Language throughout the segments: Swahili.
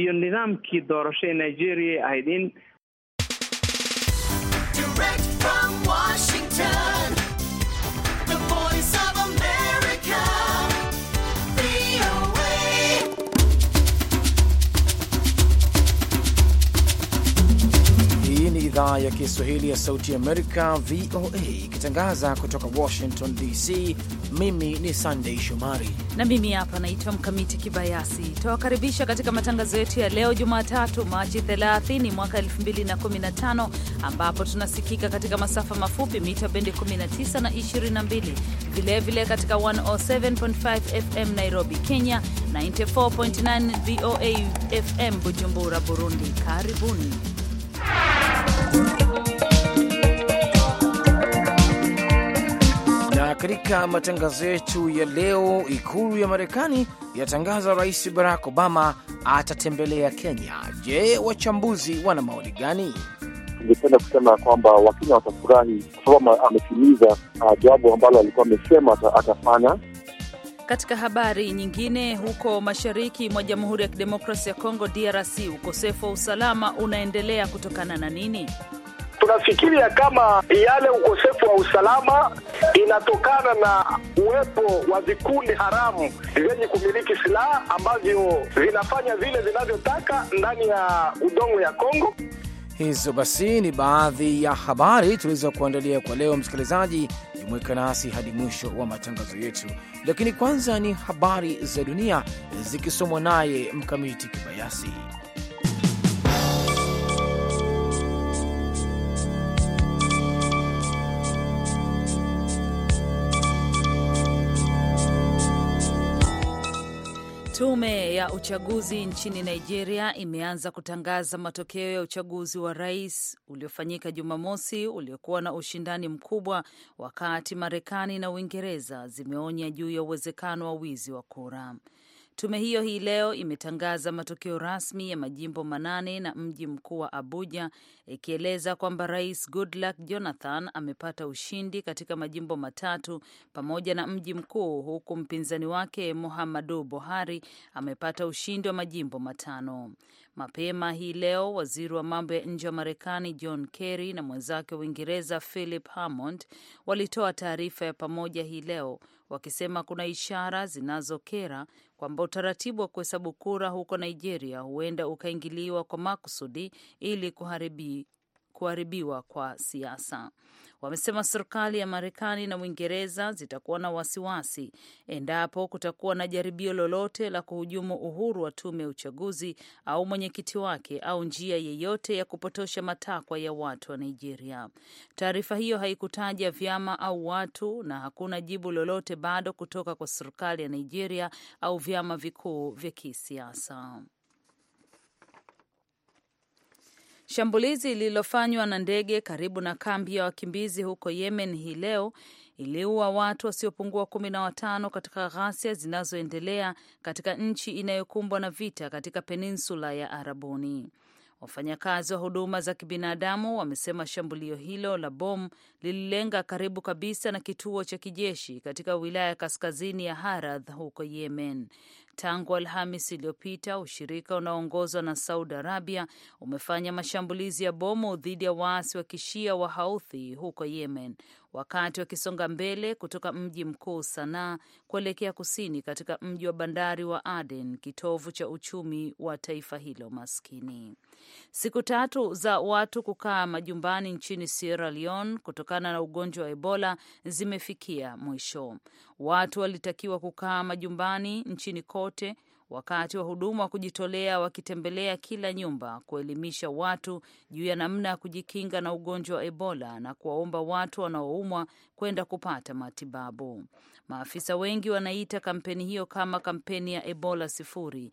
iyo nidaamkii doorasho ee nigeria ahayd in idhaa ya Kiswahili ya Sauti Amerika, VOA, ikitangaza kutoka Washington DC. Mimi ni Sandei Shomari na mimi hapa naitwa Mkamiti Kibayasi. Tawakaribisha katika matangazo yetu ya leo Jumatatu, Machi 30 mwaka 2015, ambapo tunasikika katika masafa mafupi mita bendi 19 na 22, vilevile katika 107.5 FM Nairobi, Kenya, 94.9 VOA FM Bujumbura, Burundi. Karibuni. Na katika matangazo yetu ya leo, ikulu ya Marekani yatangaza Rais Barack Obama atatembelea Kenya. Je, wachambuzi wana maoni gani? ingependa kusema kwamba Wakenya watafurahi kwa sababu ametimiza ah, jambo jawabu ambalo alikuwa amesema atafanya katika habari nyingine, huko mashariki mwa Jamhuri ya Kidemokrasi ya Kongo, DRC, ukosefu wa usalama unaendelea kutokana na nini? Tunafikiria kama yale ukosefu wa usalama inatokana na uwepo wa vikundi haramu vyenye kumiliki silaha ambavyo vinafanya vile vinavyotaka ndani ya udongo ya Kongo. Hizo basi ni baadhi ya habari tulizokuandalia kuandalia kwa leo, msikilizaji mweka nasi hadi mwisho wa matangazo yetu, lakini kwanza ni habari za dunia zikisomwa naye Mkamiti Kibayasi. ya uchaguzi nchini Nigeria imeanza kutangaza matokeo ya uchaguzi wa rais uliofanyika Jumamosi uliokuwa na ushindani mkubwa, wakati Marekani na Uingereza zimeonya juu ya uwezekano wa wizi wa kura. Tume hiyo hii leo imetangaza matokeo rasmi ya majimbo manane na mji mkuu wa Abuja, ikieleza kwamba Rais Goodluck Jonathan amepata ushindi katika majimbo matatu pamoja na mji mkuu, huku mpinzani wake Muhammadu Buhari amepata ushindi wa majimbo matano. Mapema hii leo waziri wa mambo ya nje wa Marekani John Kerry na mwenzake wa Uingereza Philip Hammond walitoa taarifa ya pamoja hii leo wakisema kuna ishara zinazokera kwamba utaratibu wa kuhesabu kura huko Nigeria huenda ukaingiliwa kwa makusudi ili kuharibi kuharibiwa kwa siasa. Wamesema serikali ya Marekani na Uingereza zitakuwa na wasiwasi endapo kutakuwa na jaribio lolote la kuhujumu uhuru wa tume ya uchaguzi au mwenyekiti wake au njia yeyote ya kupotosha matakwa ya watu wa Nigeria. Taarifa hiyo haikutaja vyama au watu na hakuna jibu lolote bado kutoka kwa serikali ya Nigeria au vyama vikuu vya kisiasa. Shambulizi lililofanywa na ndege karibu na kambi ya wakimbizi huko Yemen hii leo iliua watu wasiopungua kumi na watano katika ghasia zinazoendelea katika nchi inayokumbwa na vita katika peninsula ya Arabuni. Wafanyakazi wa huduma za kibinadamu wamesema shambulio hilo la bomu lililenga karibu kabisa na kituo cha kijeshi katika wilaya kaskazini ya Haradh huko Yemen. Tangu Alhamis iliyopita, ushirika unaoongozwa na Saudi Arabia umefanya mashambulizi ya bomu dhidi ya waasi wa kishia wa Houthi huko Yemen, wakati wakisonga mbele kutoka mji mkuu Sanaa kuelekea kusini katika mji wa bandari wa Aden, kitovu cha uchumi wa taifa hilo maskini. Siku tatu za watu kukaa majumbani nchini Sierra Leone kutokana na ugonjwa wa Ebola zimefikia mwisho. Watu walitakiwa kukaa majumbani nchini kote wakati wahudumu wa kujitolea wakitembelea kila nyumba kuelimisha watu juu ya namna ya kujikinga na ugonjwa wa Ebola na kuwaomba watu wanaoumwa kwenda kupata matibabu. Maafisa wengi wanaita kampeni hiyo kama kampeni ya Ebola sifuri,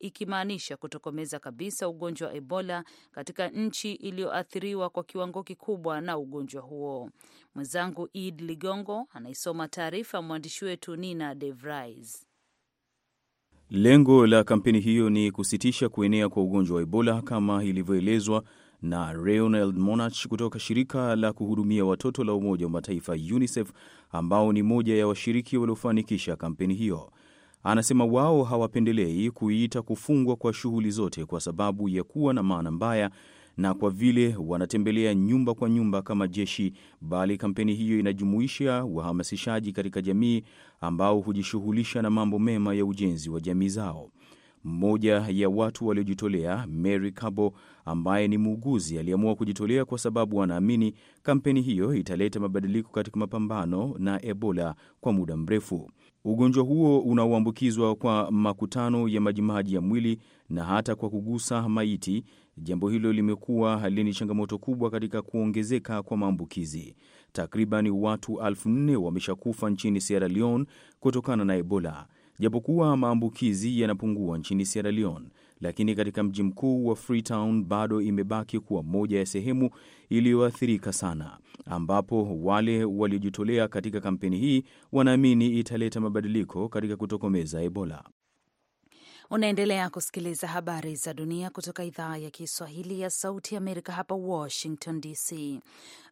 ikimaanisha kutokomeza kabisa ugonjwa wa Ebola katika nchi iliyoathiriwa kwa kiwango kikubwa na ugonjwa huo. Mwenzangu Ed Ligongo anaisoma taarifa ya mwandishi wetu Nina De Lengo la kampeni hiyo ni kusitisha kuenea kwa ugonjwa wa Ebola kama ilivyoelezwa na Reonald Monach kutoka shirika la kuhudumia watoto la Umoja wa Mataifa UNICEF, ambao ni moja ya washiriki waliofanikisha kampeni hiyo. Anasema wao hawapendelei kuiita kufungwa kwa shughuli zote kwa sababu ya kuwa na maana mbaya na kwa vile wanatembelea nyumba kwa nyumba kama jeshi, bali kampeni hiyo inajumuisha wahamasishaji katika jamii ambao hujishughulisha na mambo mema ya ujenzi wa jamii zao. Mmoja ya watu waliojitolea Mary Cabo, ambaye ni muuguzi, aliamua kujitolea kwa sababu anaamini kampeni hiyo italeta mabadiliko katika mapambano na Ebola kwa muda mrefu. Ugonjwa huo unaoambukizwa kwa makutano ya majimaji ya mwili na hata kwa kugusa maiti, Jambo hilo limekuwa halini changamoto kubwa katika kuongezeka kwa maambukizi. Takriban watu elfu nne wameshakufa nchini Sierra Leone kutokana na Ebola. Japokuwa maambukizi yanapungua nchini Sierra Leone, lakini katika mji mkuu wa Freetown bado imebaki kuwa moja ya sehemu iliyoathirika sana, ambapo wale waliojitolea katika kampeni hii wanaamini italeta mabadiliko katika kutokomeza Ebola. Unaendelea kusikiliza habari za dunia kutoka idhaa ya Kiswahili ya Sauti ya Amerika, hapa Washington DC.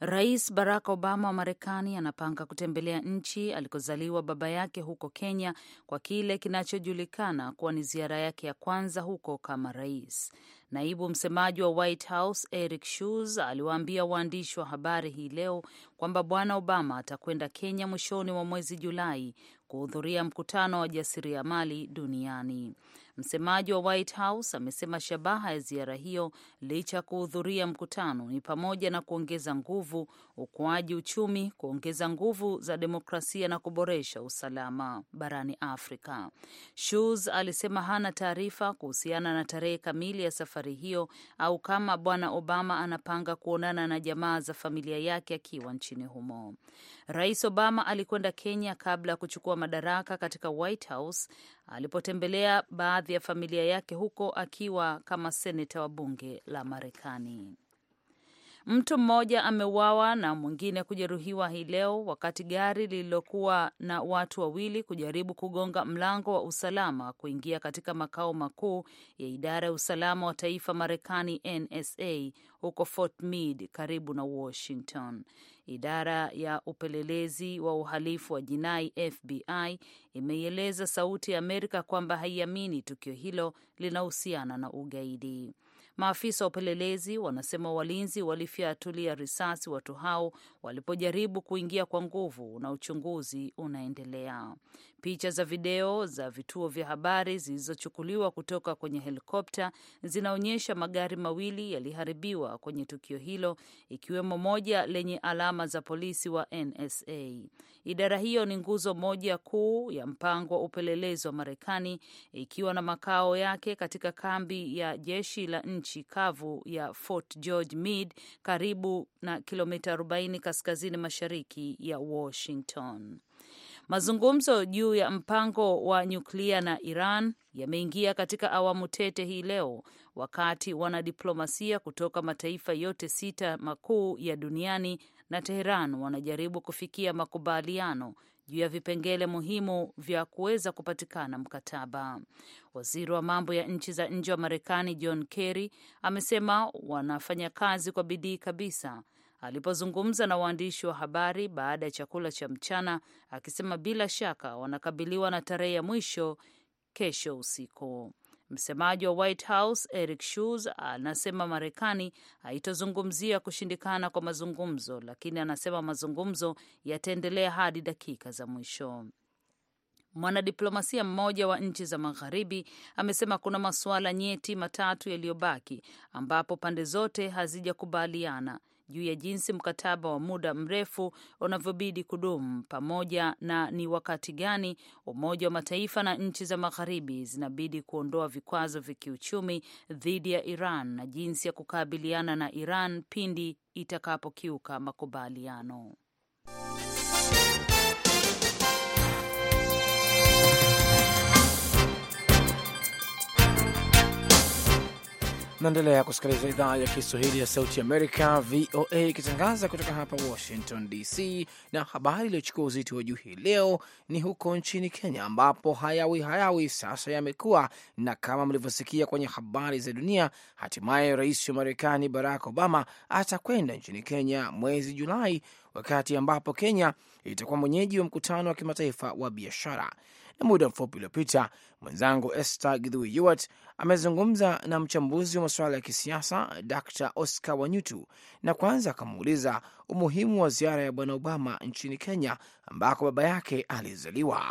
Rais Barack Obama wa Marekani anapanga kutembelea nchi alikozaliwa baba yake huko Kenya, kwa kile kinachojulikana kuwa ni ziara yake ya kwanza huko kama rais. Naibu msemaji wa White House Eric shus aliwaambia waandishi wa habari hii leo kwamba Bwana Obama atakwenda Kenya mwishoni mwa mwezi Julai kuhudhuria mkutano wa jasiriamali duniani. Msemaji wa White House amesema shabaha ya ziara hiyo, licha ya kuhudhuria mkutano, ni pamoja na kuongeza nguvu ukuaji uchumi, kuongeza nguvu za demokrasia na kuboresha usalama barani Afrika. Schulz alisema hana taarifa kuhusiana na tarehe kamili ya safari hiyo au kama Bwana Obama anapanga kuonana na jamaa za familia yake akiwa nchini humo. Rais Obama alikwenda Kenya kabla ya kuchukua madaraka katika White House alipotembelea baadhi ya familia yake huko akiwa kama seneta wa bunge la Marekani. Mtu mmoja ameuawa na mwingine kujeruhiwa hii leo wakati gari lililokuwa na watu wawili kujaribu kugonga mlango wa usalama kuingia katika makao makuu ya idara ya usalama wa taifa Marekani, NSA, huko Fort Meade karibu na Washington. Idara ya upelelezi wa uhalifu wa jinai FBI imeieleza Sauti ya Amerika kwamba haiamini tukio hilo linahusiana na ugaidi. Maafisa wa upelelezi wanasema walinzi walifyatulia risasi watu hao walipojaribu kuingia kwa nguvu na uchunguzi unaendelea. Picha za video za vituo vya habari zilizochukuliwa kutoka kwenye helikopta zinaonyesha magari mawili yaliharibiwa kwenye tukio hilo, ikiwemo moja lenye alama za polisi wa NSA. Idara hiyo ni nguzo moja kuu ya mpango wa upelelezi wa Marekani, ikiwa na makao yake katika kambi ya jeshi la nchi kavu ya Fort George Meade, karibu na kilomita 40 kaskazini mashariki ya Washington. Mazungumzo juu ya mpango wa nyuklia na Iran yameingia katika awamu tete hii leo wakati wanadiplomasia kutoka mataifa yote sita makuu ya duniani na Teheran wanajaribu kufikia makubaliano juu ya vipengele muhimu vya kuweza kupatikana mkataba. Waziri wa mambo ya nchi za nje wa Marekani John Kerry amesema wanafanya kazi kwa bidii kabisa alipozungumza na waandishi wa habari baada ya chakula cha mchana, akisema bila shaka wanakabiliwa na tarehe ya mwisho kesho usiku. Msemaji wa White House Eric Schultz anasema Marekani haitazungumzia kushindikana kwa mazungumzo, lakini anasema mazungumzo yataendelea hadi dakika za mwisho. Mwanadiplomasia mmoja wa nchi za magharibi amesema kuna masuala nyeti matatu yaliyobaki ambapo pande zote hazijakubaliana juu ya jinsi mkataba wa muda mrefu unavyobidi kudumu pamoja na ni wakati gani Umoja wa Mataifa na nchi za Magharibi zinabidi kuondoa vikwazo vya kiuchumi dhidi ya Iran na jinsi ya kukabiliana na Iran pindi itakapokiuka makubaliano. Naendelea kusikiliza idhaa ya Kiswahili ya Sauti Amerika, VOA, ikitangaza kutoka hapa Washington DC. Na habari iliyochukua uzito wa juu hii leo ni huko nchini Kenya, ambapo hayawi hayawi sasa yamekuwa, na kama mlivyosikia kwenye habari za dunia, hatimaye rais wa Marekani Barack Obama atakwenda nchini Kenya mwezi Julai, wakati ambapo Kenya itakuwa mwenyeji wa mkutano wa kimataifa wa biashara na muda mfupi uliopita mwenzangu Esther Githui Yuart amezungumza na mchambuzi wa masuala ya kisiasa Dr Oscar Wanyutu, na kwanza akamuuliza umuhimu wa ziara ya Bwana Obama nchini Kenya ambako baba yake alizaliwa.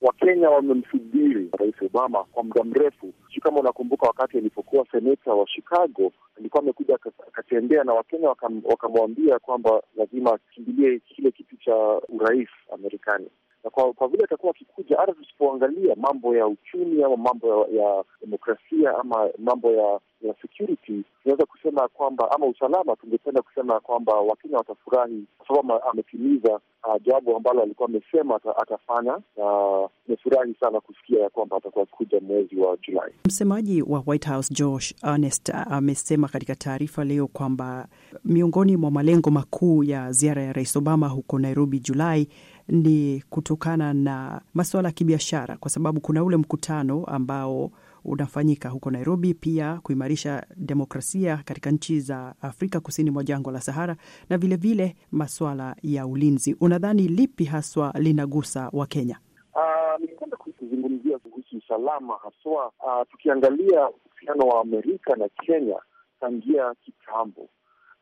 Wakenya wamemsubiri Rais Obama kwa muda mrefu. Sijui kama unakumbuka wakati alipokuwa seneta wa Chicago, alikuwa amekuja akatembea na Wakenya wakamwambia kwamba lazima akimbilie kile kiti cha urais Amerikani na kwa, kwa vile atakuwa akikuja hata tusipoangalia mambo ya uchumi ama mambo ya demokrasia ama mambo ya ya security tunaweza kusema kwamba ama usalama, tungependa kusema kwamba Wakenya watafurahi kwa sababu ametimiza ah, jawabu ambalo alikuwa amesema atafanya, na amefurahi sana kusikia ya kwamba atakuwa kuja mwezi wa Julai. Msemaji wa White House Josh ah, amesema katika taarifa leo kwamba miongoni mwa malengo makuu ya ziara ya Rais Obama huko Nairobi Julai ni kutokana na masuala ya kibiashara, kwa sababu kuna ule mkutano ambao unafanyika huko Nairobi, pia kuimarisha demokrasia katika nchi za Afrika kusini mwa jangwa la Sahara na vilevile vile maswala ya ulinzi. Unadhani lipi haswa linagusa wa Kenya? Ah, ningependa uh, kuzungumzia kuhusu usalama haswa, uh, tukiangalia uhusiano wa Amerika na Kenya tangia kitambo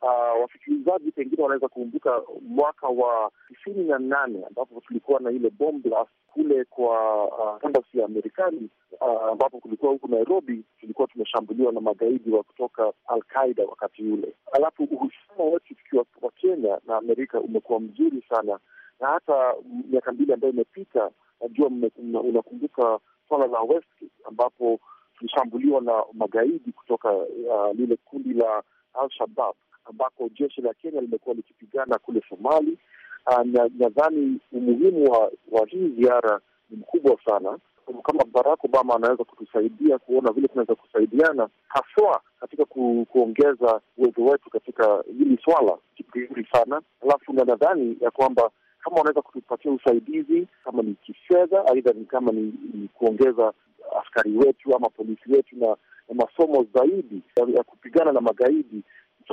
uh, wasikilizaji pengine wanaweza kukumbuka mwaka wa tisini na nane ambapo tulikuwa na ile bomb blast kule kwa uh, ya Marekani uh, ambapo kulikuwa huku Nairobi, tulikuwa tumeshambuliwa na magaidi wa kutoka al qaida wakati ule. Alafu uhusiano wetu tukiwa wa Kenya na Amerika umekuwa mzuri sana, na hata miaka mbili ambayo imepita, najua unakumbuka swala la Westgate ambapo tulishambuliwa na magaidi kutoka uh, lile kundi la Al-Shabab ambako jeshi la Kenya limekuwa likipigana kule Somali. Ah, nadhani na umuhimu wa, wa hii ziara ni mkubwa sana kama Barack Obama anaweza kutusaidia kuona vile tunaweza kusaidiana haswa katika ku, kuongeza uwezo wetu katika hili swala kizuri sana alafu, na nadhani ya kwamba kama wanaweza kutupatia usaidizi kama ni kifedha, aidha ni kama ni, ni kuongeza askari wetu ama polisi wetu na, na masomo zaidi ya, ya kupigana na magaidi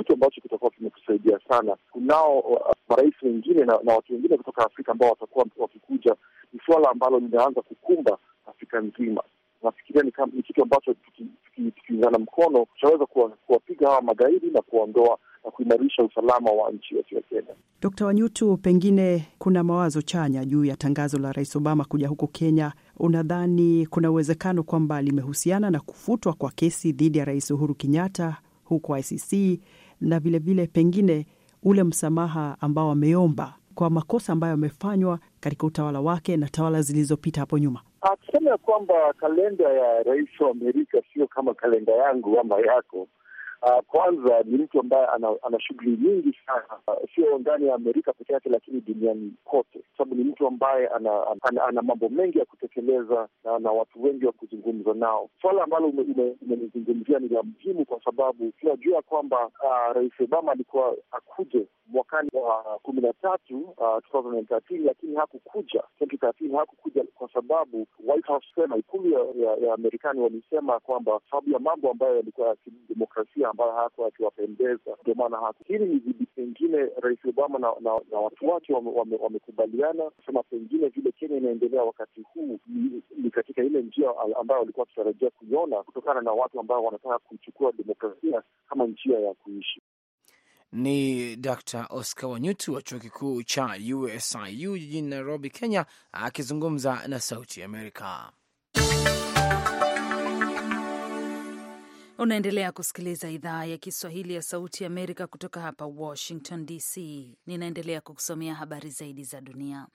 kitu ambacho kitakuwa kimekusaidia sana. Kunao uh, marais wengine na, na watu wengine kutoka Afrika ambao watakuwa wakikuja. Ni suala ambalo linaanza kukumba Afrika nzima. Nafikiria ni, ni kitu ambacho tukiingana tuki, tuki mkono tutaweza kuwapiga hawa magaidi na kuwaondoa na kuimarisha usalama wa nchi yetu ya Kenya. Dkt. Wanyutu, pengine kuna mawazo chanya juu ya tangazo la Rais Obama kuja huko Kenya. Unadhani kuna uwezekano kwamba limehusiana na kufutwa kwa kesi dhidi ya Rais Uhuru Kenyatta huko ICC na vilevile vile pengine ule msamaha ambao ameomba kwa makosa ambayo amefanywa katika utawala wake na tawala zilizopita hapo nyuma. Akisema ya kwamba kalenda ya rais wa Amerika sio kama kalenda yangu ama yako. Uh, kwanza ni mtu ambaye ana, ana shughuli nyingi sana, ah, sio ndani ya Amerika peke yake, lakini duniani kote sababu ni mtu ambaye ana, ana, ana, ana mambo mengi ya kutekeleza na ana watu wengi wa kuzungumza nao. swala ambalo umenizungumzia ni la muhimu, kwa sababu tunajua kwamba uh, Rais Obama alikuwa akuje mwakani wa kumi na tatu ah, lakini hakukuja 2013, hakukuja kwa sababu White House sema ikulu ya, ya, ya Marekani walisema kwamba sababu ya mambo ambayo yalikuwa ya kidemokrasia ambayo hayakuwa yakiwapendeza ndio maana haku. Hili ni pengine Rais Obama na, na, na watu wake wamekubaliana wame vijana kusema pengine vile Kenya inaendelea wakati huu ni katika ile njia ambayo walikuwa wakitarajia kuiona kutokana na watu ambao wanataka kuchukua demokrasia kama njia ya kuishi. Ni Dr Oscar Wanyutu wa chuo kikuu cha USIU jijini Nairobi, Kenya, akizungumza na Sauti Amerika. Unaendelea kusikiliza idhaa ya Kiswahili ya Sauti ya Amerika kutoka hapa Washington DC. Ninaendelea kukusomea habari zaidi za dunia.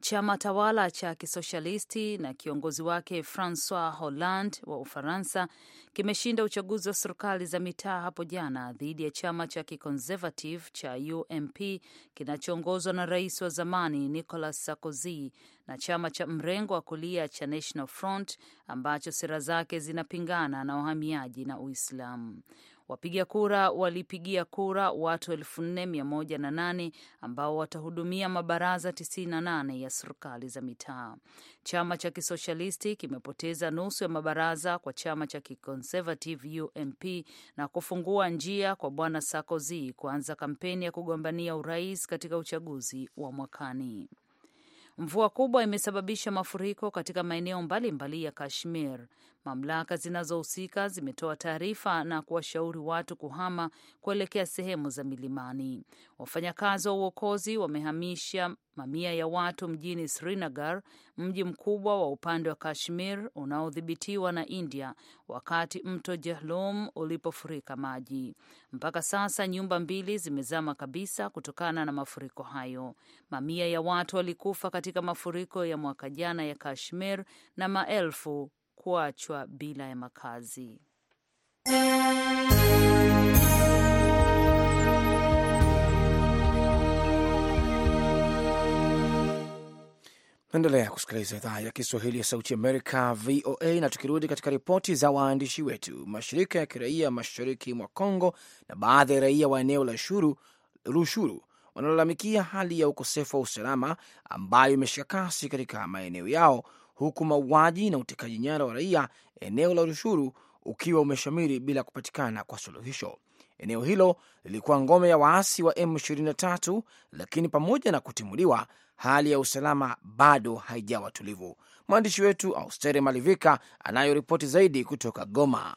Chama tawala cha kisoshalisti na kiongozi wake Francois Hollande wa Ufaransa kimeshinda uchaguzi wa serikali za mitaa hapo jana dhidi ya chama cha kiconservative cha UMP kinachoongozwa na rais wa zamani Nicolas Sarkozy na chama cha mrengo wa kulia cha National Front ambacho sera zake zinapingana na uhamiaji na Uislamu. Wapiga kura walipigia kura watu 4108 ambao watahudumia mabaraza 98 ya serikali za mitaa. Chama cha kisoshalisti kimepoteza nusu ya mabaraza kwa chama cha kiconservative UMP na kufungua njia kwa bwana Sarkozy kuanza kampeni ya kugombania urais katika uchaguzi wa mwakani. Mvua kubwa imesababisha mafuriko katika maeneo mbalimbali ya Kashmir. Mamlaka zinazohusika zimetoa taarifa na kuwashauri watu kuhama kuelekea sehemu za milimani. Wafanyakazi wa uokozi wamehamisha mamia ya watu mjini Srinagar, mji mkubwa wa upande wa Kashmir unaodhibitiwa na India, wakati mto Jhelum ulipofurika maji. Mpaka sasa nyumba mbili zimezama kabisa kutokana na mafuriko hayo. Mamia ya watu walikufa katika mafuriko ya mwaka jana ya Kashmir na maelfu kuachwa bila ya makazi. Naendelea kusikiliza idhaa ya Kiswahili ya Sauti Amerika, VOA. Na tukirudi katika ripoti za waandishi wetu, mashirika ya kiraia mashariki mwa Kongo na baadhi ya raia wa eneo la Rushuru wanalalamikia hali ya ukosefu wa usalama ambayo imeshika kasi katika maeneo yao huku mauaji na utekaji nyara wa raia eneo la Rushuru ukiwa umeshamiri bila kupatikana kwa suluhisho. Eneo hilo lilikuwa ngome ya waasi wa M23, lakini pamoja na kutimuliwa, hali ya usalama bado haijawa tulivu. Mwandishi wetu Austere Malivika anayo ripoti zaidi kutoka Goma.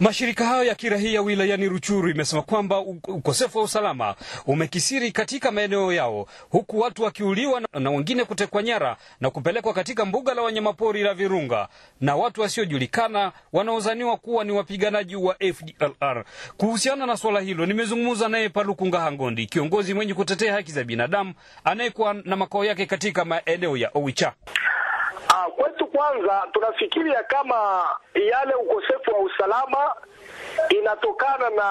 Mashirika hayo ya kirahia wilayani Ruchuru imesema kwamba ukosefu wa usalama umekisiri katika maeneo yao, huku watu wakiuliwa na wengine kutekwa nyara na kupelekwa katika mbuga la wanyamapori la Virunga na watu wasiojulikana wanaozaniwa kuwa ni wapiganaji wa FDLR. Kuhusiana na swala hilo, nimezungumza naye Paluku Ngahangondi, kiongozi mwenye kutetea haki za binadamu anayekuwa na makao yake katika maeneo ya Owicha kwanza tunafikiria kama yale ukosefu wa usalama inatokana na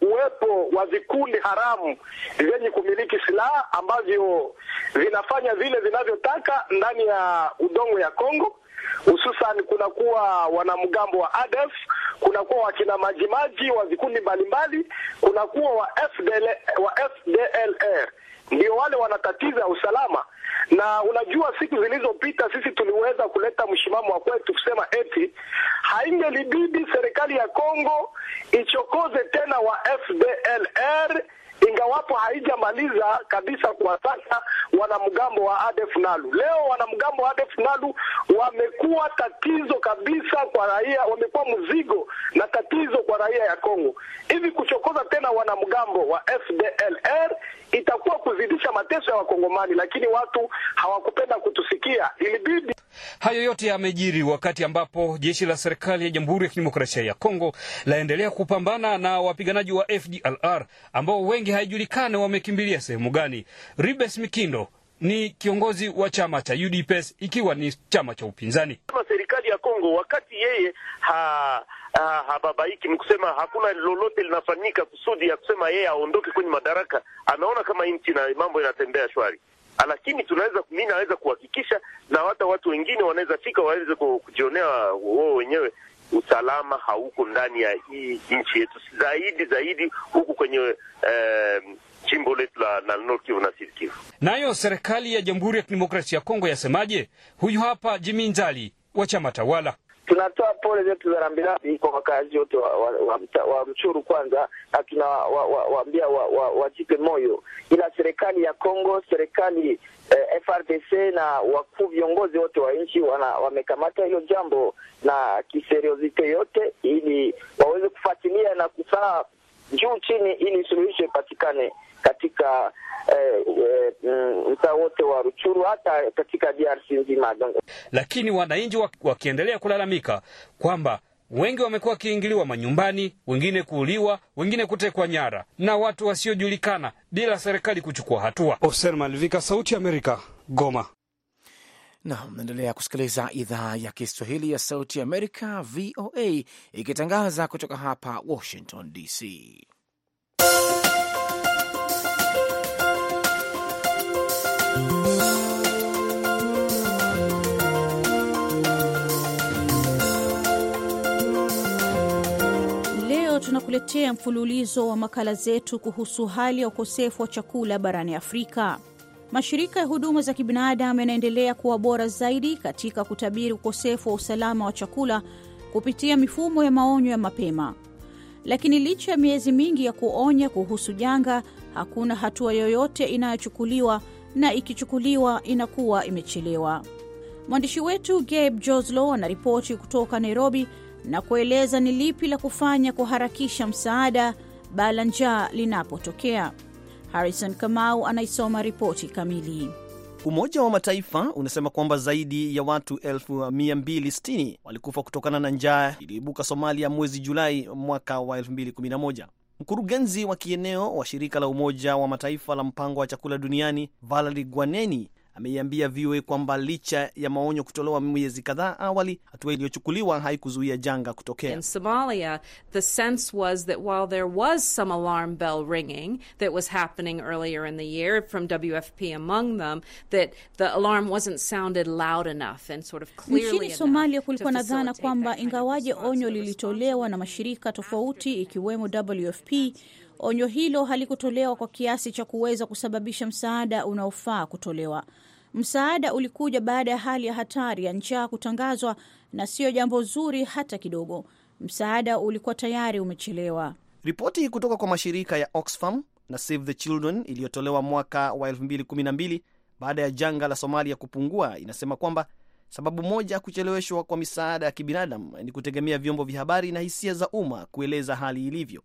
uwepo wa vikundi haramu vyenye kumiliki silaha ambavyo vinafanya vile vinavyotaka ndani ya udongo ya Kongo hususan kunakuwa wanamgambo wa ADF, kunakuwa wakina majimaji wa vikundi mbalimbali, kunakuwa wa FDL, wa FDLR ndio wale wanatatiza usalama. Na unajua siku zilizopita sisi tuliweza kuleta mshimamo wa kwetu kusema eti haingelibidi serikali ya Kongo ichokoze tena wa FDLR ingawapo haijamaliza kabisa. Kwa sasa wanamgambo wa ADF Nalu, leo wanamgambo wa ADF Nalu wamekuwa tatizo kabisa kwa raia, wamekuwa mzigo na tatizo kwa raia ya Kongo. Hivi kuchokoza tena wanamgambo wa FDLR itakuwa kuzidisha mateso ya Wakongomani, lakini watu hawakupenda kutusikia, ilibidi Hayo yote yamejiri wakati ambapo jeshi la serikali ya Jamhuri ya Kidemokrasia ya Kongo laendelea kupambana na wapiganaji wa FDLR ambao wengi haijulikani wamekimbilia sehemu gani. Ribes Mikindo ni kiongozi wa chama cha UDPS ikiwa ni chama cha upinzani. Kama serikali ya Kongo wakati yeye ha hababaiki ni kusema hakuna lolote linafanyika kusudi ya kusema yeye aondoke kwenye madaraka. Anaona kama nchi na mambo inatembea shwari lakini tunaweza mimi naweza kuhakikisha na hata watu wengine wanaweza fika waweze kujionea wao wenyewe usalama hauko ndani ya hii nchi yetu, zaidi zaidi huku kwenye eh, jimbo letu la, la na sirikivu Nayo serikali ya Jamhuri ya Kidemokrasia ya Kongo yasemaje? Huyu hapa Jimi Nzali wa chama tawala tunatoa pole zetu za rambirambi kwa wakazi wote wa, wa, wa, wa Mchuru. Kwanza na tunawaambia wa, wa, wajipe wa, wa moyo, ila serikali ya Kongo, serikali eh, FRDC na wakuu viongozi wote wa nchi wamekamata hilo jambo na kiseriosite yote, ili waweze kufuatilia na kusaa juu chini, ili suluhisho ipatikane katika eh, eh, mm, mtaa wote wa Ruchuru, hata katika DRC nzima. Lakini wananchi wakiendelea kulalamika kwamba wengi wamekuwa wakiingiliwa manyumbani, wengine kuuliwa, wengine kutekwa nyara na watu wasiojulikana bila serikali kuchukua hatua. Ofser Malvika, Sauti ya Amerika, Goma. Na mnaendelea kusikiliza idhaa ya Kiswahili ya Sauti ya Amerika, VOA, ikitangaza kutoka hapa Washington DC. Tunakuletea mfululizo wa makala zetu kuhusu hali ya ukosefu wa chakula barani Afrika. Mashirika ya huduma za kibinadamu yanaendelea kuwa bora zaidi katika kutabiri ukosefu wa usalama wa chakula kupitia mifumo ya maonyo ya mapema. Lakini licha ya miezi mingi ya kuonya kuhusu janga, hakuna hatua yoyote inayochukuliwa na ikichukuliwa inakuwa imechelewa. Mwandishi wetu Gabe Joslow anaripoti kutoka Nairobi na kueleza ni lipi la kufanya kuharakisha msaada bala njaa linapotokea. Harrison Kamau anaisoma ripoti kamili. Umoja wa Mataifa unasema kwamba zaidi ya watu 260 walikufa kutokana na njaa iliyoibuka Somalia mwezi Julai mwaka wa 2011. Mkurugenzi wa kieneo wa shirika la Umoja wa Mataifa la mpango wa chakula duniani Valerie guaneni ameiambia VOA kwamba licha ya maonyo kutolewa miezi kadhaa awali, hatua iliyochukuliwa haikuzuia janga kutokea. In Somalia, the sense was that while there was some alarm bell ringing that was happening earlier in the year from WFP among them that the alarm wasn't sounded loud enough and sort of clearly. Nchini Somalia kulikuwa na dhana kwamba ingawaje onyo lilitolewa na mashirika tofauti ikiwemo WFP Onyo hilo halikutolewa kwa kiasi cha kuweza kusababisha msaada unaofaa kutolewa. Msaada ulikuja baada ya hali ya hatari ya njaa kutangazwa, na siyo jambo zuri hata kidogo. Msaada ulikuwa tayari umechelewa. Ripoti kutoka kwa mashirika ya Oxfam na Save the Children iliyotolewa mwaka wa 2012 baada ya janga la Somalia kupungua inasema kwamba sababu moja ya kucheleweshwa kwa misaada ya kibinadamu ni kutegemea vyombo vya habari na hisia za umma kueleza hali ilivyo.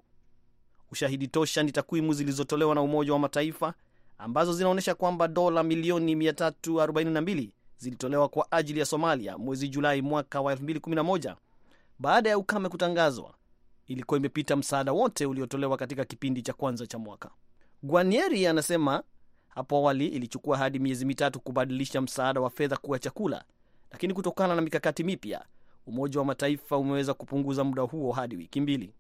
Ushahidi tosha ni takwimu zilizotolewa na Umoja wa Mataifa ambazo zinaonyesha kwamba dola milioni 342 zilitolewa kwa ajili ya Somalia mwezi Julai mwaka wa 2011 baada ya ukame kutangazwa. Ilikuwa imepita msaada wote uliotolewa katika kipindi cha kwanza cha mwaka. Guanieri anasema hapo awali ilichukua hadi miezi mitatu kubadilisha msaada wa fedha kuwa chakula, lakini kutokana na mikakati mipya, Umoja wa Mataifa umeweza kupunguza muda huo hadi wiki mbili.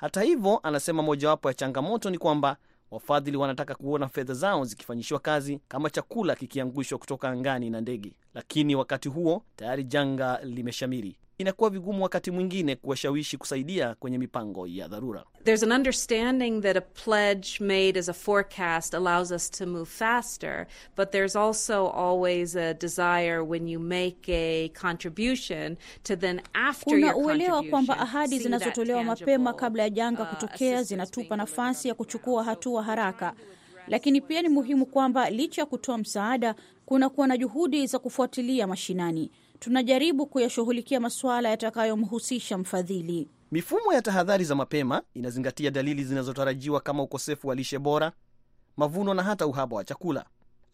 Hata hivyo, anasema mojawapo ya changamoto ni kwamba wafadhili wanataka kuona fedha zao zikifanyishwa kazi kama chakula kikiangushwa kutoka angani na ndege, lakini wakati huo tayari janga limeshamiri inakuwa vigumu wakati mwingine kuwashawishi kusaidia kwenye mipango ya dharura. There's an understanding that a pledge made as a forecast allows us to move faster, but there's also always a desire when you make a contribution to then after your contribution. Kuna uelewa kwamba ahadi zinazotolewa mapema kabla ya janga uh, kutokea zinatupa nafasi ya kuchukua hatua haraka. Lakini pia ni muhimu kwamba licha ya kutoa msaada, kunakuwa na juhudi za kufuatilia mashinani tunajaribu kuyashughulikia masuala yatakayomhusisha mfadhili. Mifumo ya tahadhari za mapema inazingatia dalili zinazotarajiwa kama ukosefu wa lishe bora, mavuno na hata uhaba wa chakula.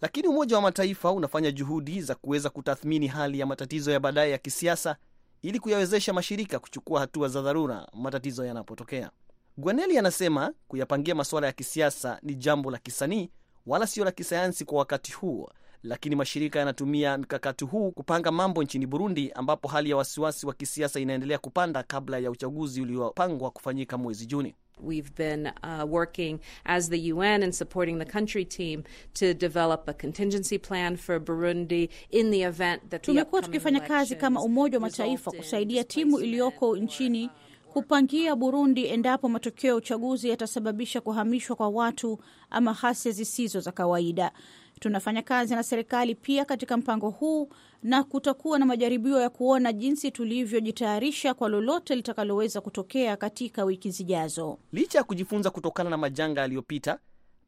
Lakini Umoja wa Mataifa unafanya juhudi za kuweza kutathmini hali ya matatizo ya baadaye ya kisiasa ili kuyawezesha mashirika kuchukua hatua za dharura matatizo yanapotokea. Gwaneli anasema kuyapangia masuala ya kisiasa ni jambo la kisanii wala sio la kisayansi kwa wakati huo, lakini mashirika yanatumia mkakati huu kupanga mambo nchini Burundi, ambapo hali ya wasiwasi wa kisiasa inaendelea kupanda kabla ya uchaguzi uliopangwa kufanyika mwezi Juni. We've been uh, working as the UN and supporting the country team to develop a contingency plan for Burundi in the event that tumekuwa tukifanya kazi kama Umoja wa Mataifa kusaidia timu iliyoko nchini kupangia Burundi endapo matokeo ya uchaguzi yatasababisha kuhamishwa kwa watu ama ghasia zisizo za kawaida. Tunafanya kazi na serikali pia katika mpango huu na kutakuwa na majaribio ya kuona jinsi tulivyojitayarisha kwa lolote litakaloweza kutokea katika wiki zijazo. Licha ya kujifunza kutokana na majanga yaliyopita,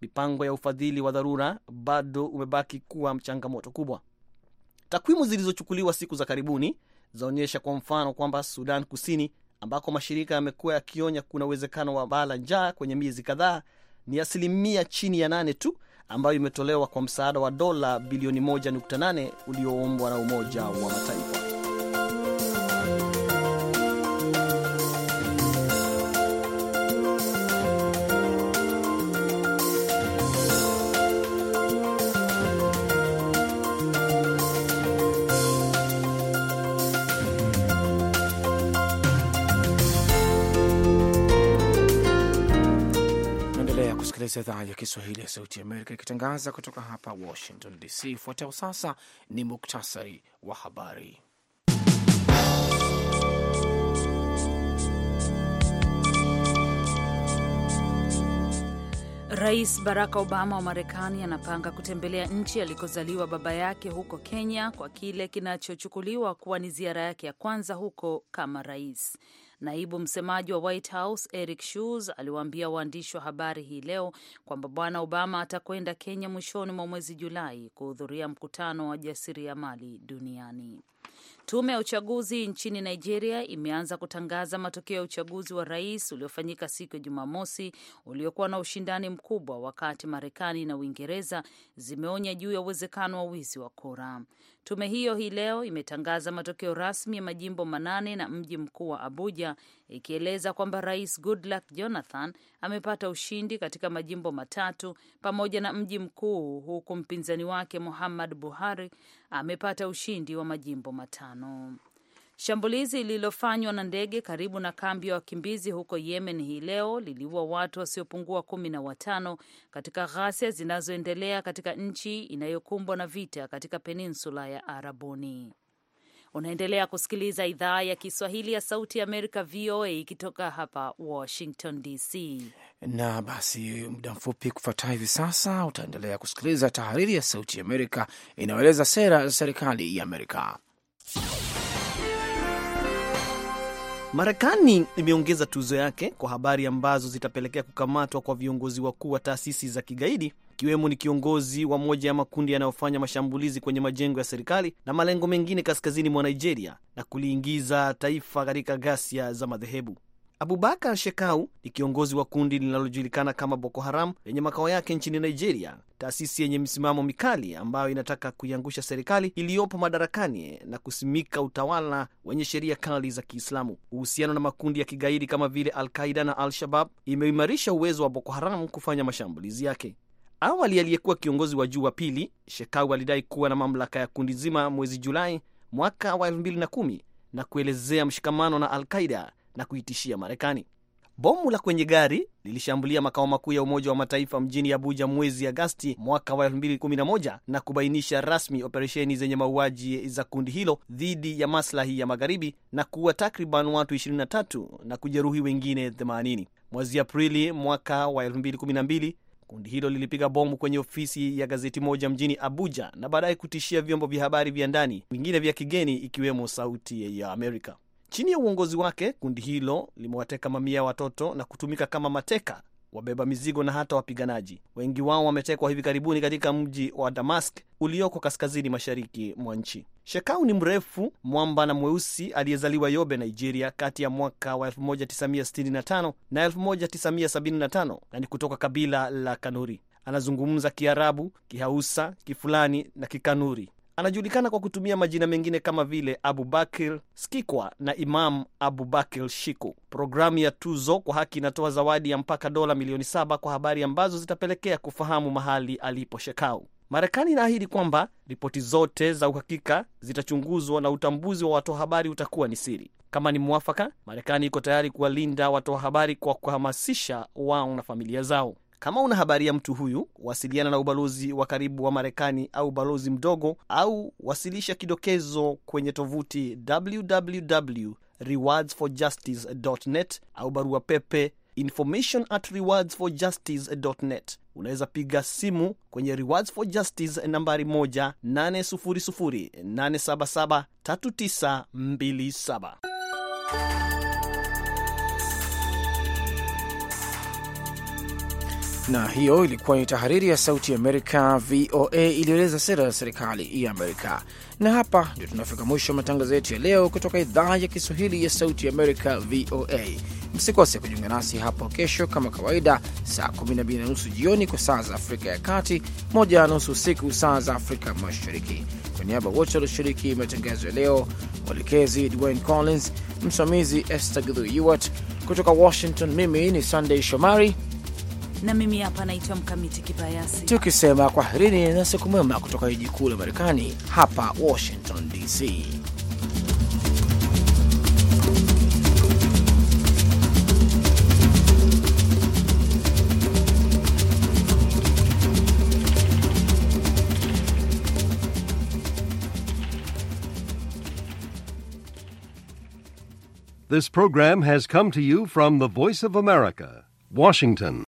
mipango ya ufadhili wa dharura bado umebaki kuwa changamoto kubwa. Takwimu zilizochukuliwa siku za karibuni zaonyesha kwa mfano kwamba Sudan Kusini, ambako mashirika yamekuwa yakionya kuna uwezekano wa baa la njaa kwenye miezi kadhaa, ni asilimia chini ya nane tu ambayo imetolewa kwa msaada wa dola bilioni 1.8 ulioombwa na Umoja wa Mataifa. kusikiliza idhaa ya Kiswahili ya Sauti ya Amerika ikitangaza kutoka hapa Washington DC. Ifuatayo sasa ni muktasari wa habari. Rais Barack Obama wa Marekani anapanga kutembelea nchi alikozaliwa baba yake huko Kenya kwa kile kinachochukuliwa kuwa ni ziara yake ya kwanza huko kama rais. Naibu msemaji wa White House Eric Schultz aliwaambia waandishi wa habari hii leo kwamba Bwana Obama atakwenda Kenya mwishoni mwa mwezi Julai kuhudhuria mkutano wa jasiriamali duniani. Tume ya uchaguzi nchini Nigeria imeanza kutangaza matokeo ya uchaguzi wa rais uliofanyika siku ya Jumamosi uliokuwa na ushindani mkubwa, wakati Marekani na Uingereza zimeonya juu ya uwezekano wa wizi wa kura. Tume hiyo hii leo imetangaza matokeo rasmi ya majimbo manane na mji mkuu wa Abuja, ikieleza kwamba Rais Goodluck Jonathan amepata ushindi katika majimbo matatu pamoja na mji mkuu, huku mpinzani wake Muhammad Buhari amepata ushindi wa majimbo matano. Shambulizi lililofanywa na ndege karibu na kambi ya wakimbizi huko Yemen hii leo liliua watu wasiopungua kumi na watano katika ghasia zinazoendelea katika nchi inayokumbwa na vita katika peninsula ya Arabuni. Unaendelea kusikiliza idhaa ya Kiswahili ya Sauti ya Amerika, VOA, ikitoka hapa Washington DC. Na basi, muda mfupi kufuatia hivi sasa utaendelea kusikiliza tahariri ya Sauti ya Amerika inayoeleza sera za serikali ya Amerika. Marekani imeongeza tuzo yake kwa habari ambazo zitapelekea kukamatwa kwa viongozi wakuu wa taasisi za kigaidi ikiwemo ni kiongozi wa moja ya makundi yanayofanya mashambulizi kwenye majengo ya serikali na malengo mengine kaskazini mwa Nigeria na kuliingiza taifa katika ghasia za madhehebu. Abubakar Shekau ni kiongozi wa kundi linalojulikana kama Boko Haram lenye makao yake nchini Nigeria, taasisi yenye misimamo mikali ambayo inataka kuiangusha serikali iliyopo madarakani na kusimika utawala wenye sheria kali za Kiislamu. Uhusiano na makundi ya kigaidi kama vile Al-Qaida na Al-Shabab imeimarisha uwezo wa Boko Haram kufanya mashambulizi yake. Awali aliyekuwa kiongozi wa juu wa pili, Shekau alidai kuwa na mamlaka ya kundi zima mwezi Julai mwaka wa 2010 na kuelezea mshikamano na Al-Qaida na kuitishia Marekani. Bomu la kwenye gari lilishambulia makao makuu ya Umoja wa Mataifa mjini Abuja mwezi Agasti mwaka wa 2011 na kubainisha rasmi operesheni zenye mauaji za kundi hilo dhidi ya maslahi ya Magharibi na kuua takriban watu 23 na kujeruhi wengine 80. Mwezi Aprili mwaka wa 2012 kundi hilo lilipiga bomu kwenye ofisi ya gazeti moja mjini Abuja na baadaye kutishia vyombo vya habari vya ndani vingine vya kigeni ikiwemo Sauti ya Amerika. Chini ya uongozi wake, kundi hilo limewateka mamia ya watoto na kutumika kama mateka, wabeba mizigo na hata wapiganaji. Wengi wao wametekwa hivi karibuni katika mji wa Damask ulioko kaskazini mashariki mwa nchi. Shekau ni mrefu mwamba na mweusi aliyezaliwa Yobe, Nigeria, kati ya mwaka wa 1965 na 1975 na ni kutoka kabila la Kanuri. Anazungumza Kiarabu, Kihausa, Kifulani na Kikanuri. Anajulikana kwa kutumia majina mengine kama vile Abubakir Skikwa na Imam Abubakir Shiku. Programu ya Tuzo kwa Haki inatoa zawadi ya mpaka dola milioni saba kwa habari ambazo zitapelekea kufahamu mahali alipo Shekau. Marekani inaahidi kwamba ripoti zote za uhakika zitachunguzwa na utambuzi wa watoa habari utakuwa ni siri. Kama ni mwafaka, Marekani iko tayari kuwalinda watoa habari kwa kuhamasisha wao na familia zao. Kama una habari ya mtu huyu, wasiliana na ubalozi wa karibu wa Marekani au balozi mdogo, au wasilisha kidokezo kwenye tovuti www.rewardsforjustice.net au barua pepe information at rewardsforjustice.net. Unaweza piga simu kwenye Rewards for Justice nambari 1 800 877 3927. Na hiyo ilikuwa ni tahariri ya Sauti Amerika, VOA, iliyoeleza sera ya serikali ya Amerika. Na hapa ndio tunafika mwisho wa matangazo yetu ya leo kutoka idhaa ya Kiswahili ya Sauti ya Amerika, VOA. Msikose kujiunga nasi hapo kesho kama kawaida, saa 12 na nusu jioni kwa saa za Afrika ya Kati, moja na nusu usiku saa za Afrika Mashariki. Kwa niaba wote walioshiriki matangazo ya leo, mwelekezi Dwayne Collins, msimamizi Esther Githu kutoka Washington, mimi ni Sunday Shomari na mimi hapa naitwa Mkamiti Kibayasi, tukisema kwaherini na siku mwema kutoka jiji kuu la Marekani hapa Washington DC. This program has come to you from the Voice of America, Washington.